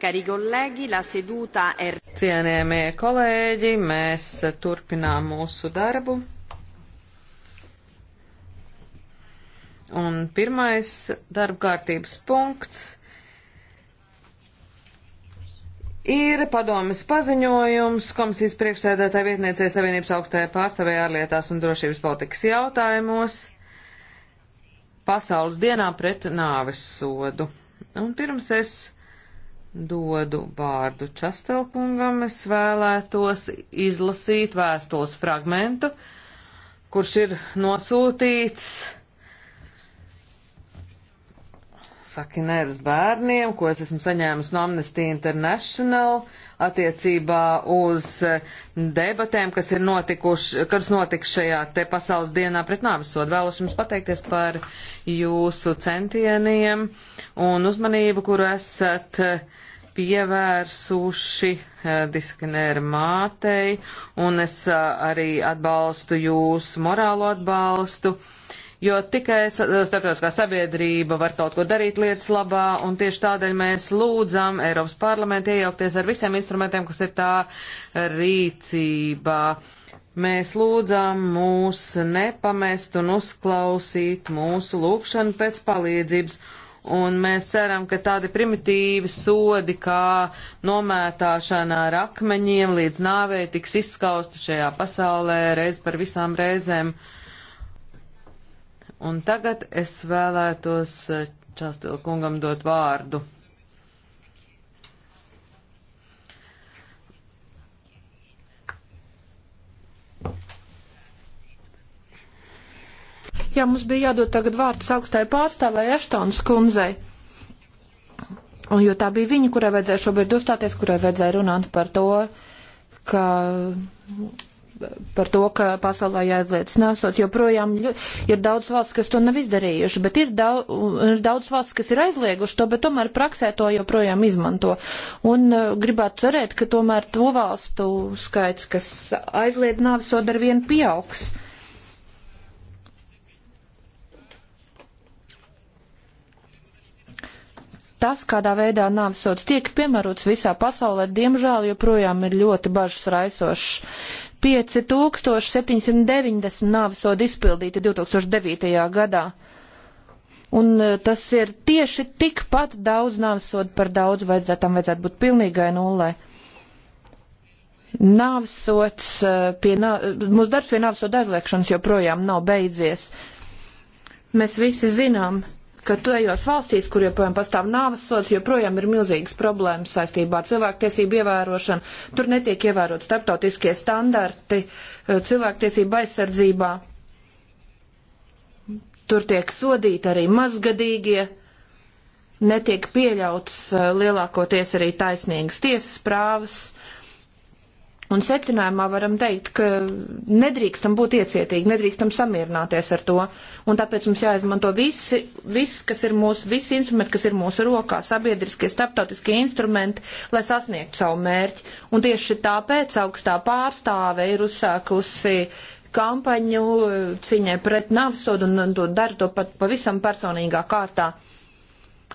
Cari colleghi, la seduta è... Cienējamie kolēģi, mēs turpinām mūsu darbu. Un pirmais darbkārtības punkts ir padomis paziņojums komisijas priekšsēdētāja vietniecei Savienības augstajā pārstāvēja ārlietās un drošības politikas jautājumos pasaules dienā pret nāves sodu. Un pirms es dodu vārdu Častelkungam. Es vēlētos izlasīt vēstules fragmentu, kurš ir nosūtīts Sakineras bērniem, ko es esmu saņēmusi no Amnesty International attiecībā uz eh, debatēm, kas ir notikuši, kas notika šajā te pasaules dienā pret nāvisodu. Vēlos jums pateikties par jūsu centieniem un uzmanību, kuru esat eh, pievērsuši eh, diskinēra mātei, un es arī atbalstu jūsu morālo atbalstu jo tikai starptautiskā sabiedrība var kaut ko darīt lietas labā, un tieši tādēļ mēs lūdzam Eiropas parlamentu iejaukties ar visiem instrumentiem, kas ir tā rīcībā. Mēs lūdzam mūs nepamest un uzklausīt mūsu lūgšanu pēc palīdzības un mēs ceram, ka tādi primitīvi sodi kā nomētāšana ar akmeņiem līdz nāvei tiks izskausti šajā pasaulē reiz par visām reizēm. Un tagad es vēlētos eh, Čāstila kungam dot vārdu. Jā, mums bija jādod tagad vārds augstai pārstāvai Eštons kundzei. Un, jo tā bija viņa, kurai vajadzēja šobrīd uzstāties, kurai vajadzēja runāt par to, ka par to, ka pasaulē jāizliedz nāsots, joprojām ir daudz valsts, kas to nav izdarījuši, bet ir daudz, ir daudz valsts, kas ir aizlieguši to, bet tomēr praksē to joprojām izmanto. Un uh, gribētu cerēt, ka tomēr to valstu skaits, kas aizliedz nāvisodu, ar vienu pieaugs. Tas, kādā veidā nāvisots tiek piemērots visā pasaulē, diemžēl joprojām ir ļoti bažas raisošs. 5790 nāvisodu izpildīti 2009. gadā. Un e, tas ir tieši tikpat daudz nāvisodu par daudz, vajadzētu, tam vajadzētu būt pilnīgai nullei. Nāvisots e, pie, mūsu darbs pie nāvisodu aizliekšanas joprojām nav beidzies. Mēs visi zinām, ka tajos valstīs, kur joprojām pastāv nāvas sots, joprojām ir milzīgas problēmas saistībā ar cilvēktiesību ievērošanu. Tur netiek ievērot starptautiskie standarti eh, cilvēktiesība aizsardzībā. Tur tiek sodīti arī mazgadīgie, netiek pieļauts eh, lielākoties arī taisnīgas tiesas prāvas Un secinājumā varam teikt, ka nedrīkstam būt iecietīgi, nedrīkstam samierināties ar to. Un tāpēc mums jāizmanto visi, viss, kas ir mūsu, visi instrumenti, kas ir mūsu rokā, sabiedriskie, starptautiskie instrumenti, lai sasniegtu savu mērķi. Un tieši tāpēc augstā pārstāve ir uzsākusi kampaņu cīņai pret navsodu un, un to dara to pat pavisam personīgā kārtā.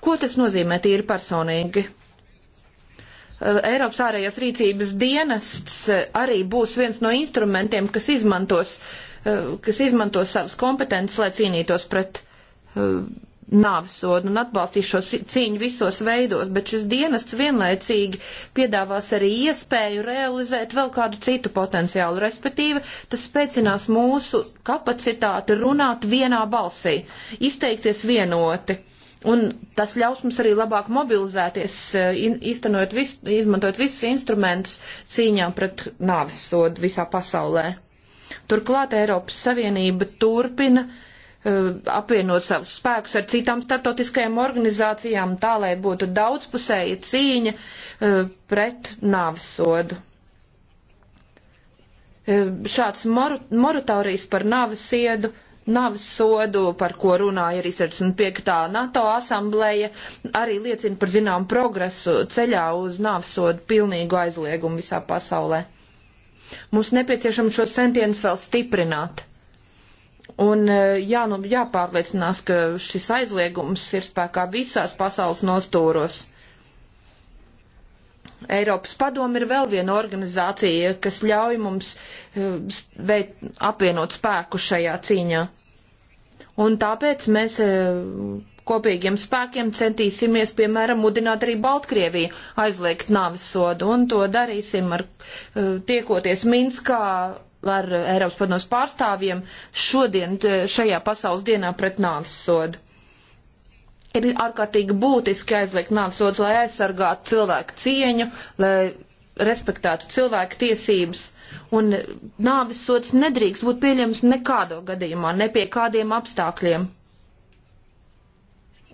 Ko tas nozīmē tīri personīgi? Eh, Eiropas ārējās rīcības dienests eh, arī būs viens no instrumentiem, kas izmantos, eh, kas izmantos savas kompetences, lai cīnītos pret nāvisodu un atbalstīs šo cīņu visos veidos, bet šis dienests vienlaicīgi piedāvās arī iespēju realizēt vēl kādu citu potenciālu, respektīvi tas spēcinās mūsu kapacitāti runāt vienā balsī, izteikties vienoti Un tas ļaus mums arī labāk mobilizēties, e, iztenojot vis, izmantojot visus instrumentus cīņā pret nāvis sodu visā pasaulē. Turklāt Eiropas Savienība turpina uh, apvienot savus spēkus ar citām startautiskajām organizācijām, tā lai būtu daudzpusēja cīņa uh, pret nāvis sodu. Uh, šāds moratorijas par nāvis siedu navas sodu, par ko runāja arī 65. NATO asamblēja, arī liecina par zinām progresu ceļā uz navas sodu pilnīgu aizliegumu visā pasaulē. Mums nepieciešams šos centienus vēl stiprināt. Un e, jā, nu, jāpārliecinās, ka šis aizliegums ir spēkā visās pasaules nostūros Eiropas padomi ir vēl viena organizācija, kas ļauj mums eh, veikt, apvienot spēku šajā cīņā. Un tāpēc mēs eh, kopīgiem spēkiem centīsimies, piemēram, mudināt arī Baltkrieviju aizliegt nāvisodu, un to darīsim ar eh, tiekoties Minskā ar Eiropas padomus pārstāvjiem šodien šajā pasaules dienā pret nāvisodu ir ārkārtīgi būtiski aizliegt nāves sodu, lai aizsargātu cilvēku cieņu, lai respektētu cilvēku tiesības. Un nāves sods nedrīkst būt pieļams nekādā gadījumā, ne pie kādiem apstākļiem.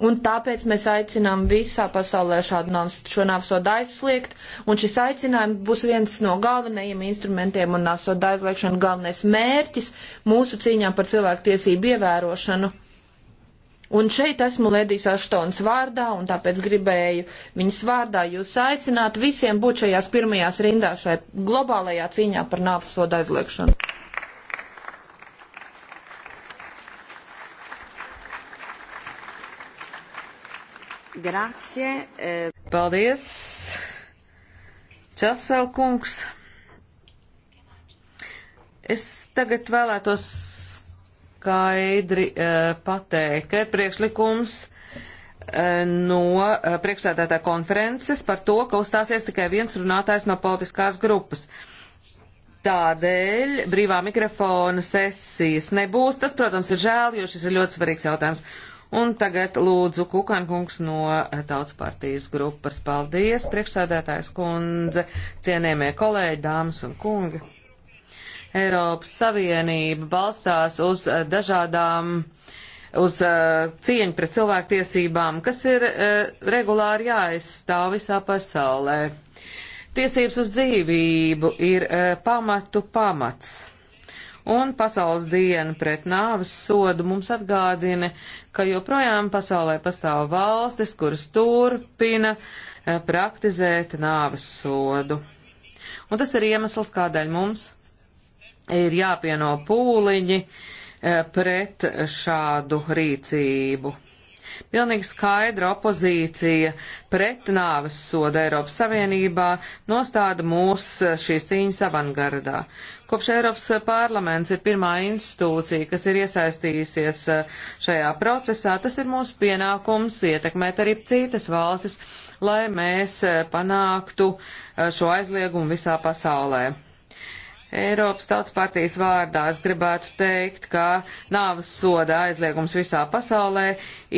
Un tāpēc mēs aicinām visā pasaulē šādu nāves, šo nāves sodu aizliegt, un šis aicinājums būs viens no galvenajiem instrumentiem un nāves sodu aizliegšana galvenais mērķis mūsu cīņā par cilvēku tiesību ievērošanu Un šeit esmu Ledijas Aštons vārdā, un tāpēc gribēju viņas vārdā jūs aicināt visiem būt šajās pirmajās rindā šai globālajā cīņā par nāves sodu aizliekšanu. Grazie. Eh. Paldies, Čelsel kungs. Es tagad vēlētos skaidri uh, pateikt, ka ir priekšlikums uh, no uh, eh, priekšsēdētāja konferences par to, ka uzstāsies tikai viens runātājs no politiskās grupas. Tādēļ brīvā mikrofona sesijas nebūs. Tas, protams, ir žēl, jo šis ir ļoti svarīgs jautājums. Un tagad lūdzu Kukankungs no Tautas partijas grupas. Paldies, priekšsēdētājs kundze, cienējamie kolēģi, dāmas un kungi. Eiropas Savienība balstās uz eh, dažādām uz eh, cieņu pret cilvēktiesībām, kas ir eh, regulāri jāaizstāv visā pasaulē. Tiesības uz dzīvību ir pamatu pamats un pasaules diena pret nāves sodu mums atgādina, ka joprojām pasaulē pastāv valstis, kuras turpina praktizēt nāves sodu. Un tas ir iemesls, kādēļ mums ir jāpieno pūliņi eh, pret šādu rīcību. Pilnīgi skaidra opozīcija pret nāves sodu Eiropas Savienībā nostāda mūs šīs cīņas avangardā. Kopš Eiropas parlaments ir pirmā institūcija, kas ir iesaistījusies eh, šajā procesā, tas ir mūsu pienākums ietekmēt arī citas valstis, lai mēs eh, panāktu šo aizliegumu visā pasaulē. Eiropas Tautas partijas vārdā es gribētu teikt, ka nāves soda aizliegums visā pasaulē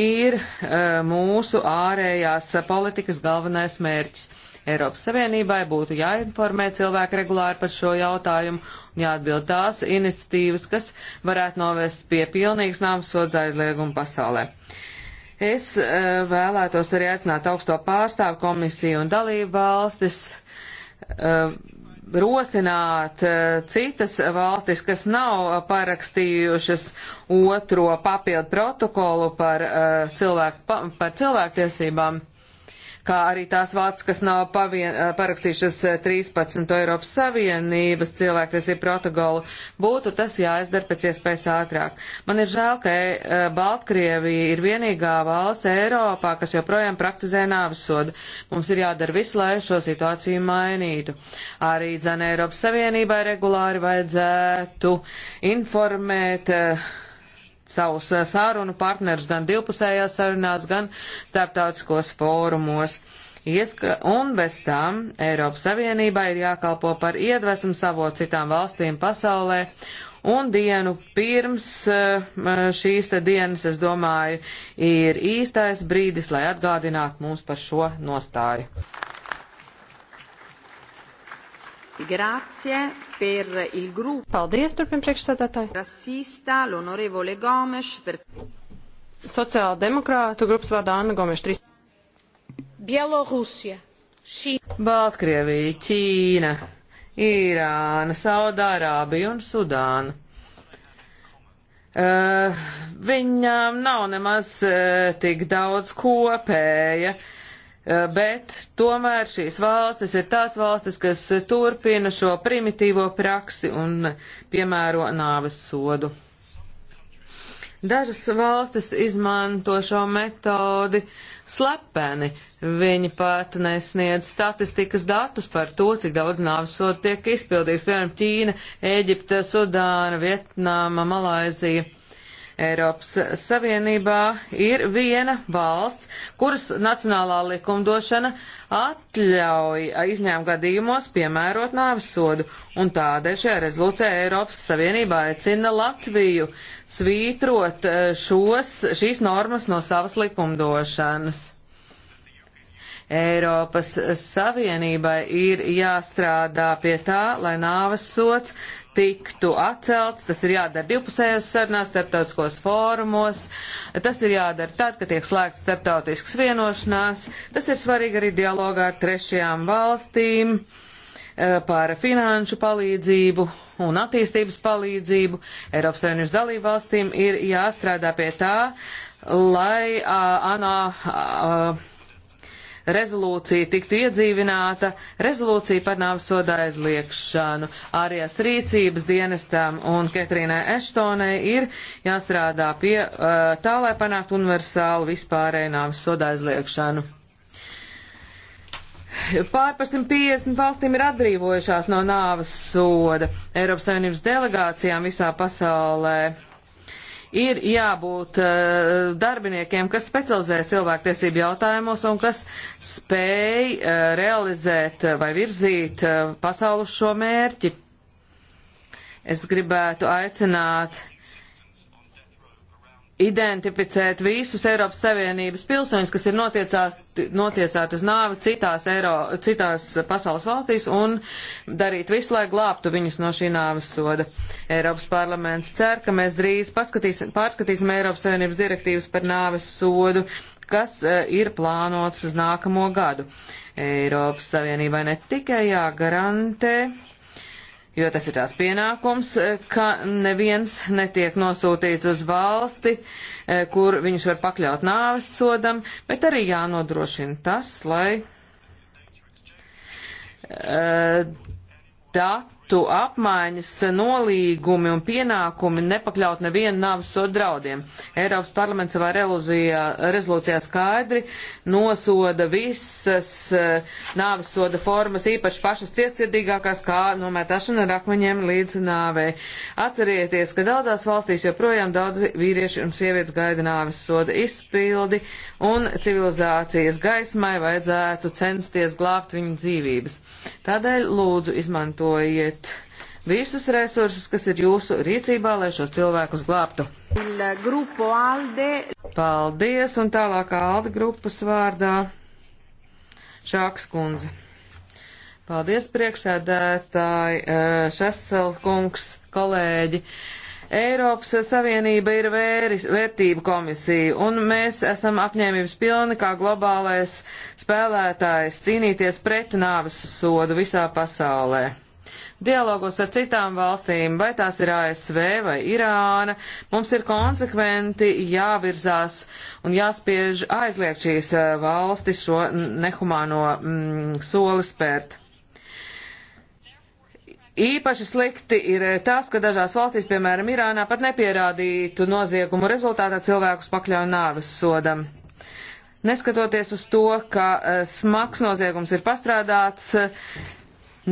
ir e, mūsu ārējās politikas galvenais mērķis. Eiropas Savienībai būtu jāinformē cilvēki regulāri par šo jautājumu un jāatbild tās iniciatīvas, kas varētu novest pie pilnīgas nāves soda aizlieguma pasaulē. Es e, vēlētos arī aicināt augsto pārstāvu komisiju un dalību valstis. E, rosināt eh, citas valstis, kas nav parakstījušas otro papildu protokolu par, eh, cilvēku, par cilvēktiesībām kā arī tās valsts, kas nav pavien, parakstījušas 13. Eiropas Savienības cilvēktiesību protokolu, būtu tas jāizdara pēc iespējas ātrāk. Man ir žēl, ka Baltkrievija ir vienīgā valsts Eiropā, kas joprojām praktizē nāvisodu. Mums ir jādara visu, lai šo situāciju mainītu. Arī dzene Eiropas Savienībai regulāri vajadzētu informēt uh, savus eh, sārunu partnerus gan divpusējās sarunās, gan starptautiskos fórumos. Ieska, un bez tām Eiropas Savienībā ir jākalpo par iedvesmu savo citām valstīm pasaulē un dienu pirms eh, šīs te dienas, es domāju, ir īstais brīdis, lai atgādinātu mums par šo nostāju. Grācie, per il gruppo. Paldies, turpin priekšsēdētāji. Rasista, l'onorevole Gomes. Per... Sociāldemokrātu grupas vārdā Anna Gomes. 3. Bielorusija. Šī. Baltkrievija, Ķīna, Irāna, Saudārābija un Sudāna. Uh, viņām nav nemaz uh, tik daudz kopēja. Uh, Eh, bet tomēr šīs valstis ir tās valstis, kas turpina šo primitīvo praksi un piemēro nāves sodu. Dažas valstis izmanto šo metodi slepeni. Viņi pat nesniedz statistikas datus par to, cik daudz nāves sodu tiek izpildīts. Piemēram, Ķīna, Ēģipte, Sudāna, Vietnāma, Malaizija. Eiropas Savienībā ir viena valsts, kuras nacionālā likumdošana atļauj izņēmuma gadījumos piemērot nāvis sodu, un tādēļ šajā rezolūcijā Eiropas Savienībā aicina Latviju svītrot e, šos, šīs normas no savas likumdošanas. Eiropas Savienībai ir jāstrādā pie tā, lai nāves sots tiktu atcelts, tas ir jādara divpusējos sarunās, starptautiskos fórumos, tas ir jādara tad, kad tiek slēgts starptautisks vienošanās, tas ir svarīgi arī dialogā ar trešajām valstīm eh, par finanšu palīdzību un attīstības palīdzību. Eiropas Savienības dalību valstīm ir jāstrādā pie tā, lai uh, ANO uh, rezolūcija tiktu iedzīvināta, rezolūcija par nāvsoda aizliekšanu. Ārējās rīcības dienestām un Ketrīnai Eštonai ir jāstrādā pie uh, tā, lai panāktu universālu vispārēju nāvsoda aizliekšanu. Pār par 150 valstīm ir atbrīvojušās no nāves soda Eiropas Savienības delegācijām visā pasaulē ir jābūt uh, darbiniekiem, kas specializē cilvēktiesību jautājumos un kas spēj uh, realizēt vai virzīt uh, pasaules šo mērķi. Es gribētu aicināt identificēt visus Eiropas Savienības pilsoņus, kas ir notiecās, notiesāti uz nāvi citās, Eiro, citās pasaules valstīs un darīt visu, lai glābtu viņus no šī nāves soda. Eiropas parlaments cer, ka mēs drīz pārskatīsim Eiropas Savienības direktīvas par nāves sodu, kas eh, ir plānots uz nākamo gadu. Eiropas Savienībai ne tikai jāgarantē jo tas ir tās pienākums, eh, ka neviens netiek nosūtīts uz valsti, eh, kur viņus var pakļaut nāves sodam, bet arī jānodrošina tas, lai uh, dati datu apmaiņas nolīgumi un pienākumi nepakļaut nevienu navas sodu draudiem. Eiropas parlaments savā rezolūcijā skaidri nosoda visas eh, navas soda formas, īpaši pašas cietsirdīgākās, kā nomētāšana ar akmeņiem līdz nāvē. Atcerieties, ka daudzās valstīs joprojām daudz vīrieši un sievietes gaida nāves soda izpildi un civilizācijas gaismai vajadzētu censties glābt viņu dzīvības. Tādēļ lūdzu izmantojiet mobilizēt visus resursus, kas ir jūsu rīcībā, lai šos cilvēkus glābtu. Paldies, un tālāk Alde grupas vārdā Šāks kundze. Paldies, priekšsēdētāji, eh, Šesels kungs, kolēģi. Eiropas Savienība ir vēris, vērtību komisija, un mēs esam apņēmības pilni kā globālais spēlētājs cīnīties pret nāvis sodu visā pasaulē. Dialogos ar citām valstīm, vai tās ir ASV vai Irāna, mums ir konsekventi jāvirzās un jāspiež aizliegt šīs eh, valstis šo nehumāno mm, soli spērt. Īpaši slikti ir eh, tas, ka dažās valstīs, piemēram, Irānā, pat nepierādītu noziegumu rezultātā cilvēkus pakļauj nāves sodam. Neskatoties uz to, ka eh, smags noziegums ir pastrādāts,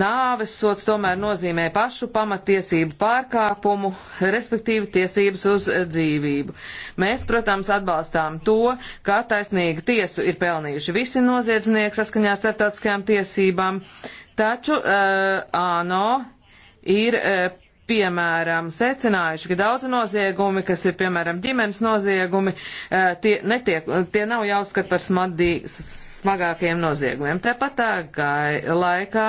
Nāves sots tomēr nozīmē pašu pamatiesību pārkāpumu, respektīvi tiesības uz eh, dzīvību. Mēs, protams, atbalstām to, ka taisnīgu tiesu ir pelnījuši visi noziedznieki saskaņā starptautiskajām tiesībām, taču uh, ANO ir. Uh, Piemēram, secinājuši, ka daudzi noziegumi, kas ir piemēram ģimenes noziegumi, uh, tie, netiek, tie nav jāuzskata par smadīgas smagākajiem noziegumiem. Tāpat tā laikā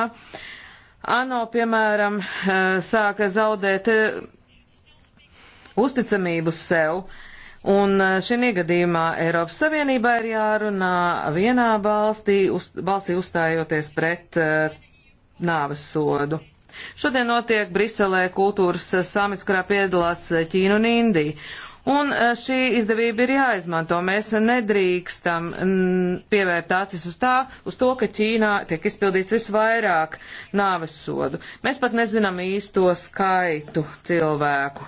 ANO, piemēram, eh, sāka zaudēt eh, uzticamību sev, un eh, šī gadījumā Eiropas Savienībā ir jārunā vienā balstī, uz, balstī uzstājoties pret uh, nāves sodu. Šodien notiek Briselē kultūras samits, kurā piedalās Ķīna un Indija. Un eh, šī izdevība ir jāizmanto. Mēs nedrīkstam pievērt acis uz, tā, uz to, ka Ķīnā tiek izpildīts visvairāk nāves sodu. Mēs pat nezinām īsto skaitu cilvēku.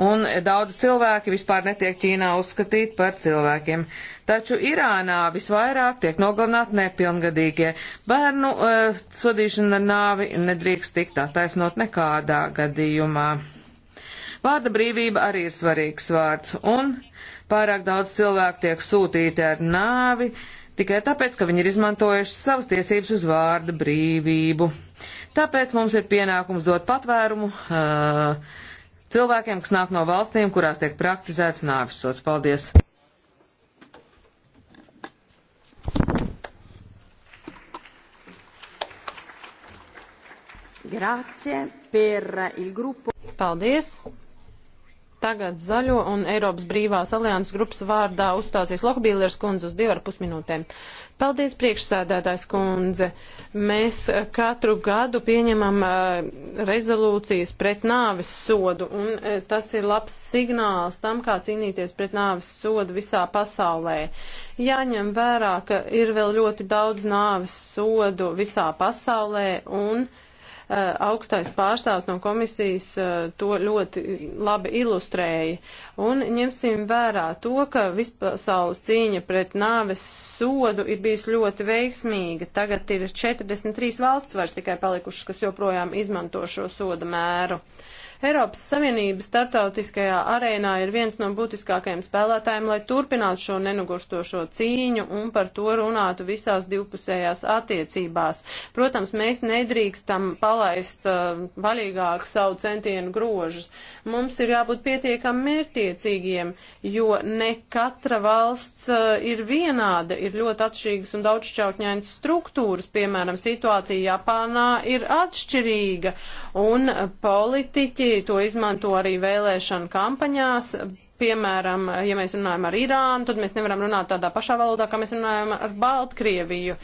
Un eh, daudz cilvēki vispār netiek Ķīnā uzskatīti par cilvēkiem. Taču Irānā visvairāk tiek nogalināti nepilngadīgie. Bērnu uh, sodīšana ar nāvi nedrīkst tikt attaisnot nekādā gadījumā. Vārda brīvība arī ir svarīgs vārds, un pārāk daudz cilvēku tiek sūtīti ar nāvi tikai tāpēc, ka viņi ir izmantojuši savas tiesības uz vārda brīvību. Tāpēc mums ir pienākums dot patvērumu uh, cilvēkiem, kas nāk no valstīm, kurās tiek praktizēts nāvis sots. Paldies! Grazie per il gruppo. Paldies! Tagad zaļo un Eiropas brīvās alianses grupas vārdā uzstāsies Lohbīlers kundze uz divu ar pusminūtēm. Paldies, priekšsēdētājs kundze. Mēs eh, katru gadu pieņemam eh, rezolūcijas pret nāves sodu, un eh, tas ir labs signāls tam, kā cīnīties pret nāves sodu visā pasaulē. Jāņem vērā, ka ir vēl ļoti daudz nāves sodu visā pasaulē, un Eh, augstais pārstāvs no komisijas eh, to ļoti labi ilustrēja. Un ņemsim vērā to, ka vispasaules cīņa pret nāves sodu ir bijusi ļoti veiksmīga. Tagad ir 43 valsts vairs tikai palikušas, kas joprojām izmanto šo soda mēru. Uh, Eiropas Savienība startautiskajā arēnā ir viens no būtiskākajiem spēlētājiem, lai turpinātu šo nenogurstošo cīņu un par to runātu visās divpusējās attiecībās. Protams, mēs nedrīkstam palaist uh, vaļīgāk savu centienu grožus. Mums ir jābūt pietiekami mērtiecīgiem, jo ne katra valsts uh, ir vienāda, ir ļoti atšķirīgas un daudzšķautņainas struktūras, piemēram, situācija Japānā ir atšķirīga un politiķi Krievija to izmanto arī vēlēšanu kampaņās. Piemēram, ja mēs runājam ar Irānu, tad mēs nevaram runāt tādā pašā valodā, kā mēs runājam ar Baltkrieviju.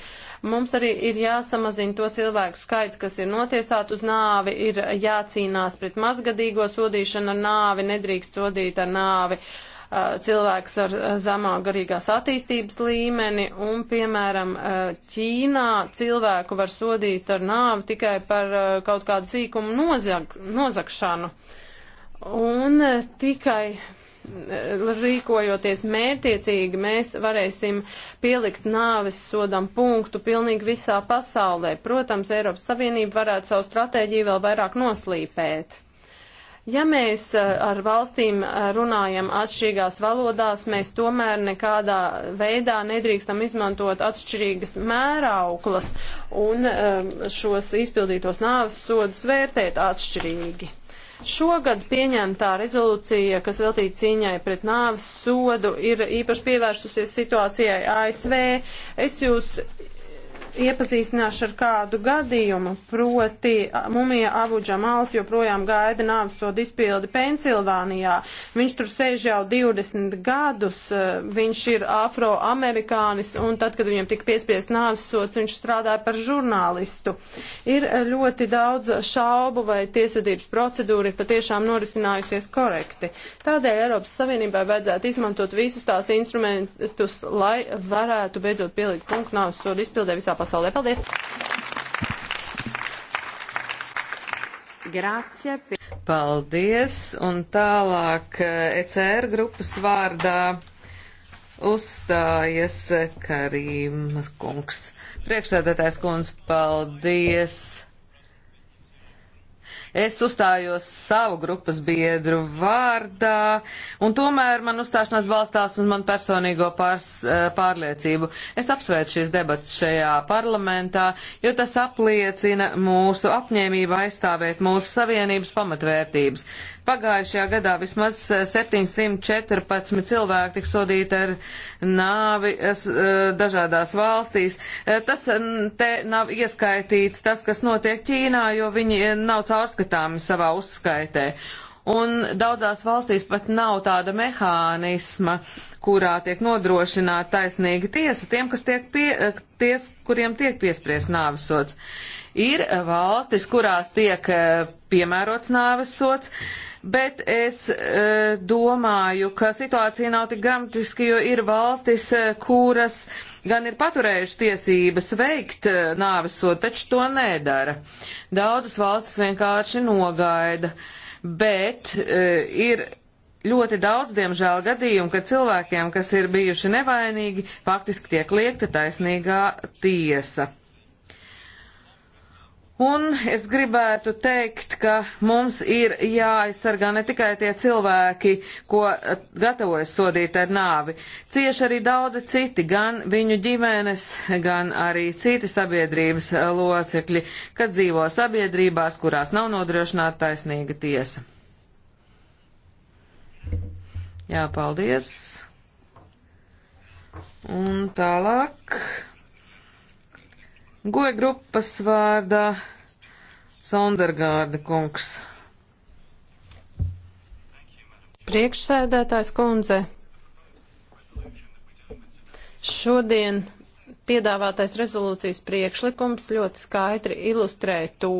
Mums arī ir jāsamazina to cilvēku skaits, kas ir notiesāti uz nāvi, ir jācīnās pret mazgadīgo sodīšanu ar nāvi, nedrīkst sodīt ar nāvi. Uh, Uh, cilvēks ar uh, zemāku garīgās attīstības līmeni, un, piemēram, uh, Ķīnā cilvēku var sodīt ar nāvi tikai par kaut kādu sīkumu nozag, nozagšanu. Un tikai rīkojoties mērtiecīgi, mēs varēsim pielikt nāves sodam punktu pilnīgi visā pasaulē. Protams, Eiropas Savienība varētu savu stratēģiju vēl vairāk noslīpēt. Ja mēs eh, ar valstīm eh, runājam atšķirīgās valodās, mēs tomēr nekādā veidā nedrīkstam izmantot atšķirīgas mērauklas un eh, šos izpildītos nāves sodus vērtēt atšķirīgi. Šogad pieņemtā rezolūcija, kas veltīta cīņai pret nāves sodu, ir īpaši pievērsusies situācijai ASV. Es jūs iepazīstināšu ar kādu gadījumu, proti mumija Abu Džamals joprojām gaida nāves sodu izpildi Pensilvānijā. Viņš tur sēž jau 20 gadus, viņš ir afroamerikānis, un tad, kad viņam tika piespiest nāves sods, viņš strādāja par žurnālistu. Ir ļoti daudz šaubu, vai tiesvedības procedūra ir patiešām norisinājusies korekti. Tādēļ Eiropas Savienībai vajadzētu izmantot visus tās instrumentus, lai varētu beidzot pielikt punktu nāves sodu izpildē visā pasaulē pasaulē. Paldies! Grācija. Paldies! Un tālāk ECR eh, e grupas vārdā uzstājas Karīmas kungs. Priekšsēdētājs kungs, paldies! Es uzstājos savu grupas biedru vārdā, un tomēr man uzstāšanās balstās uz man personīgo pārs, eh, pārliecību. Es apsvērtu šīs debats šajā parlamentā, jo tas apliecina mūsu apņēmību aizstāvēt mūsu savienības pamatvērtības. Pagājušajā gadā vismaz 714 eh, cilvēki tika sodīti ar nāvi eh, dažādās valstīs. Eh, tas te nav ieskaitīts tas, kas notiek Ķīnā, jo viņi nav caurskatāmi savā uzskaitē. Un daudzās valstīs pat nav tāda mehānisma, kurā tiek nodrošināta taisnīga tiesa tiem, kas tiek pie, ties, kuriem tiek piespriezt nāvisots. Ir valstis, kurās tiek piemērots nāvisots, Bet es e, domāju, ka situācija nav tik dramatiska, jo ir valstis, e, kuras gan ir paturējušas tiesības veikt e, nāvesodu, taču to nedara. Daudzas valstis vienkārši nogaida, bet e, ir ļoti daudz, diemžēl, gadījumu, kad cilvēkiem, kas ir bijuši nevainīgi, faktiski tiek liekta taisnīgā tiesa. Un es gribētu teikt, ka mums ir jāaizsargā ne tikai tie cilvēki, ko eh, gatavojas sodīt ar nāvi. Cieši arī daudzi citi, gan viņu ģimenes, gan arī citi sabiedrības eh, locekļi, kad dzīvo sabiedrībās, kurās nav nodrošināta taisnīga tiesa. Jā, paldies. Un tālāk. Goja grupas vārdā Sondergārda kungs. Priekšsēdētājs kundze. Šodien piedāvātais rezolūcijas priekšlikums ļoti skaidri ilustrē to,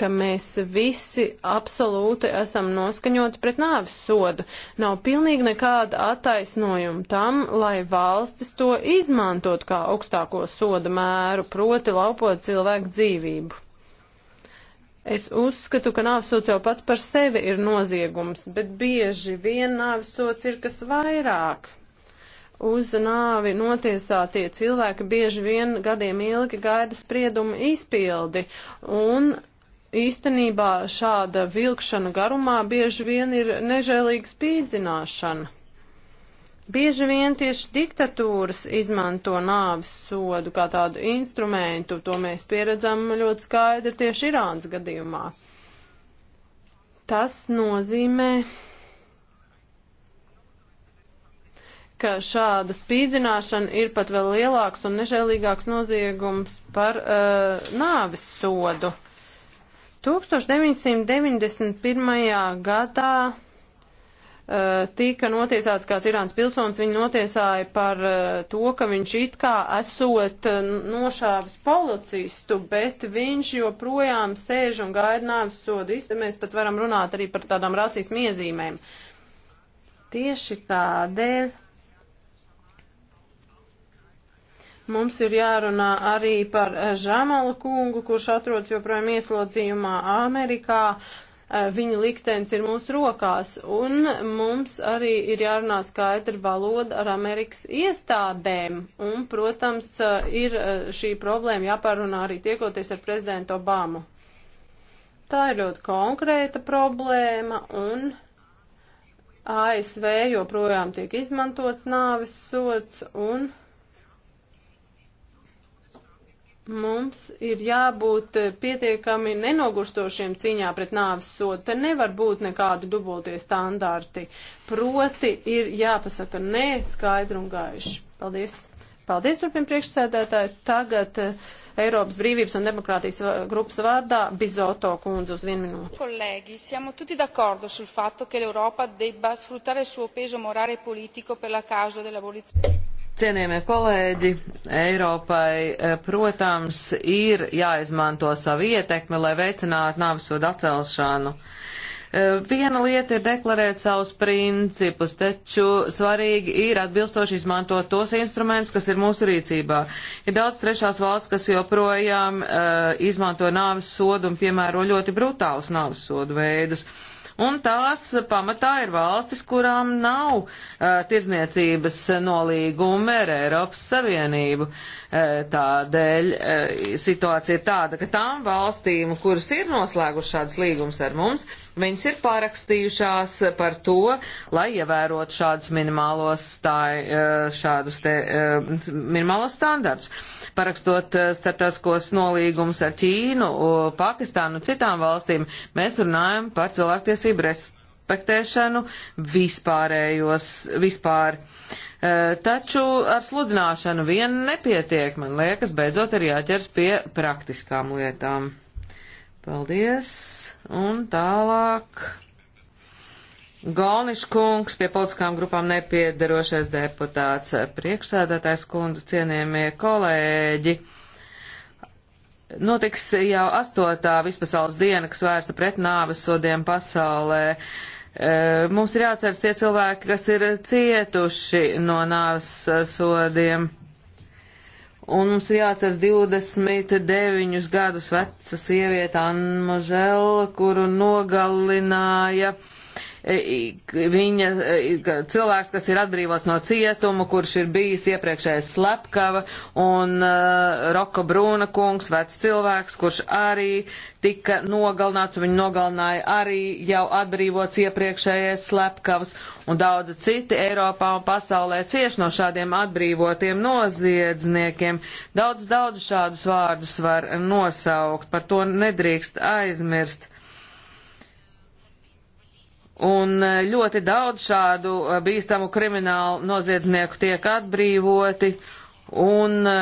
ka mēs visi absolūti esam noskaņoti pret nāvis sodu. Nav pilnīgi nekāda attaisnojuma tam, lai valstis to izmantot kā augstāko soda mēru, proti laupot cilvēku dzīvību. Es uzskatu, ka nāvisots jau pats par sevi ir noziegums, bet bieži vien nāvisots ir kas vairāk uz nāvi notiesātie cilvēki bieži vien gadiem ilgi gaida spriedumu izpildi, un īstenībā šāda vilkšana garumā bieži vien ir nežēlīga spīdzināšana. Bieži vien tieši diktatūras izmanto nāvis sodu kā tādu instrumentu, to mēs pieredzam ļoti skaidri tieši Irānas gadījumā. Tas nozīmē, ka šāda spīdzināšana ir pat vēl lielāks un nežēlīgāks noziegums par uh, eh, nāvis sodu. 1991. gadā eh, tika notiesāts kāds Irāns pilsonis, viņu notiesāja par eh, to, ka viņš it kā esot nošāvis policistu, bet viņš joprojām sēž un gaida nāvis sodu. Mēs pat varam runāt arī par tādām rasismu iezīmēm. Tieši tādēļ Mums ir jārunā arī par eh, Žamala kungu, kurš atrodas joprojām ieslodzījumā Amerikā. Eh, viņa liktenis ir mūsu rokās, un mums arī ir jārunā skaidra valoda ar Amerikas iestādēm. Un, protams, eh, ir šī problēma jāpārunā arī tiekoties ar prezidentu Obamu. Tā ir ļoti konkrēta problēma, un ASV joprojām tiek izmantots nāves sots, un Mums ir jābūt eh, pietiekami nenogurstošiem cīņā pret nāvis sodu. Te nevar būt nekādi dubultie standarti. Proti ir jāpasaka nē skaidru un gaišu. Paldies. Paldies, turpin priekšsēdētāji. Tagad uh, Eiropas brīvības un demokrātijas eh, grupas vārdā Bizoto kundze uz vienu minūti. Kolēģi, siamo tutti d'accordo sul fatto che l'Europa debba sfruttare il suo peso morale e politico per la causa dell'abolizione. Cienījamie kolēģi, Eiropai, eh, protams, ir jāizmanto savu ietekmi, lai veicinātu nāvisodu atcelšanu. Eh, viena lieta ir deklarēt savus principus, taču svarīgi ir atbilstoši izmantot tos instrumentus, kas ir mūsu rīcībā. Ir daudz trešās valsts, kas joprojām uh, izmanto nāvis sodu un piemēro ļoti brutālus nāvis sodu veidus. Uh, un tās pamatā ir valstis, kurām nav uh, tirzniecības nolīgumi ar Eiropas Savienību. Uh, tādēļ uh, situācija ir tāda, ka tām valstīm, kuras ir noslēgušas šādas līgumas ar mums, Viņas ir pārakstījušās par to, lai ievērot šādus minimālos, stā, eh, šādus te, eh, minimālos standarts. Parakstot eh, starptautiskos nolīgumus ar Ķīnu, Pakistānu un citām valstīm, mēs runājam par cilvēktiesību respektēšanu vispārējos, vispār. Taču ar sludināšanu vien nepietiek, man liekas, beidzot ir jāķers pie praktiskām lietām. Paldies. Un tālāk. Golniš kungs, pie politiskām grupām nepiedarošais deputāts, priekšsēdētājs kundze, cienījamie kolēģi. Notiks jau astotā vispasaules diena, kas vērsta pret nāves sodiem pasaulē. E, mums ir jāatceras tie cilvēki, kas ir cietuši no nāves sodiem. Un mums ir jāatceras 29 gadus veca sieviete Anna Žela, kuru nogalināja uh, viņa, cilvēks, kas ir atbrīvots no cietuma, kurš ir bijis iepriekšējais slepkava, un uh, Roka Brūna kungs, vecs cilvēks, kurš arī tika nogalināts, viņu nogalināja arī jau atbrīvots iepriekšējais slepkavs, un daudzi citi Eiropā un pasaulē cieši no šādiem atbrīvotiem noziedzniekiem. Daudz, daudz šādus vārdus var nosaukt, par to nedrīkst aizmirst Un e, ļoti daudz šādu e, bīstamu kriminālu noziedznieku tiek atbrīvoti, un e,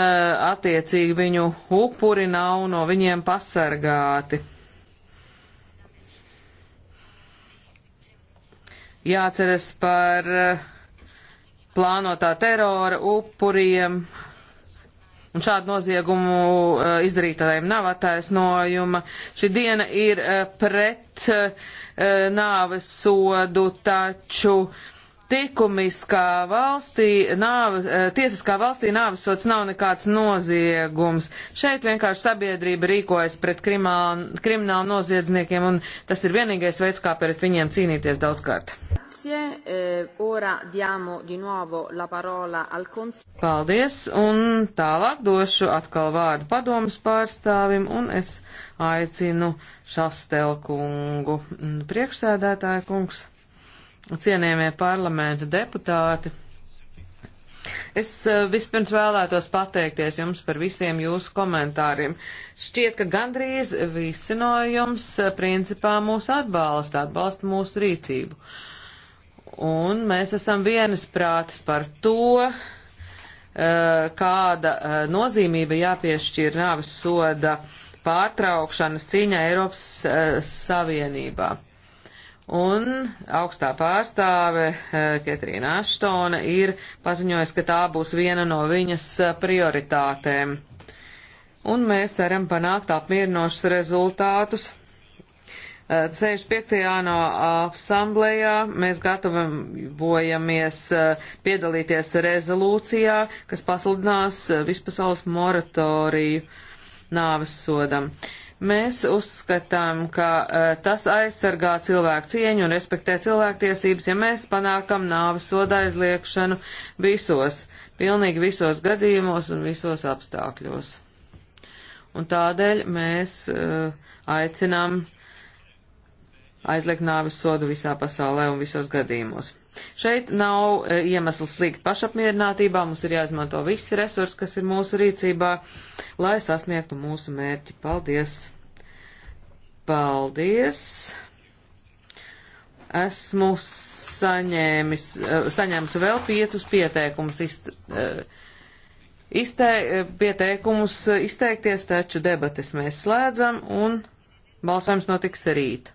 attiecīgi viņu upuri nav no viņiem pasargāti. Jāceras par plānotā terora upuriem, Un šādu noziegumu uh, izdarītājiem nav attaisnojuma. Šī diena ir uh, pret uh, nāves sodu, taču tikumiskā valstī, nāve, tiesiskā valstī nāvesots nav nekāds noziegums. Šeit vienkārši sabiedrība rīkojas pret krimāl, kriminālu noziedzniekiem, un tas ir vienīgais veids, kā pret viņiem cīnīties daudzkārt. Grazie. Eh, ora diamo di nuovo la parola al Consiglio. Paldies, un tālāk došu atkal vārdu padomas pārstāvim, un es aicinu Šastelkungu, mm, priekšsēdētāja kungs, cienījamie parlamenta deputāti. Es eh, vispirms vēlētos pateikties jums par visiem jūsu komentāriem. Šķiet, ka gandrīz visi no jums eh, principā mūs atbalsta, atbalsta mūsu rīcību. Uh, Un mēs esam vienisprātis par to, eh, kāda eh, nozīmība jāpiešķir nāves soda pārtraukšanas cīņā Eiropas eh, Savienībā. Un augstā pārstāve Ketrīna Aštona ir paziņojusi, ka tā būs viena no viņas prioritātēm. Un mēs ceram panākt apmierinošus rezultātus 65. Eh, no asamblējā mēs gatavojamies eh, piedalīties rezolūcijā, kas pasludinās eh, vispasaules moratoriju nāves sodam. Mēs uzskatām, ka tas aizsargā cilvēku cieņu un respektē cilvēktiesības, ja mēs panākam nāves soda aizliekšanu visos, pilnīgi visos gadījumos un visos apstākļos. Un tādēļ mēs uh, aicinām aizliegt nāvis sodu visā pasaulē un visos gadījumos. Šeit nav e, iemesls slīgt pašapmierinātībā, mums ir jāizmanto visi resursi, kas ir mūsu rīcībā, lai sasniegtu mūsu mērķi. Paldies! Paldies! Esmu saņēmis, e, saņēmis vēl piecus pieteikumus, izt, e, izte, pieteikumus e, izteikties, taču debates mēs slēdzam un balsojums notiks rīt.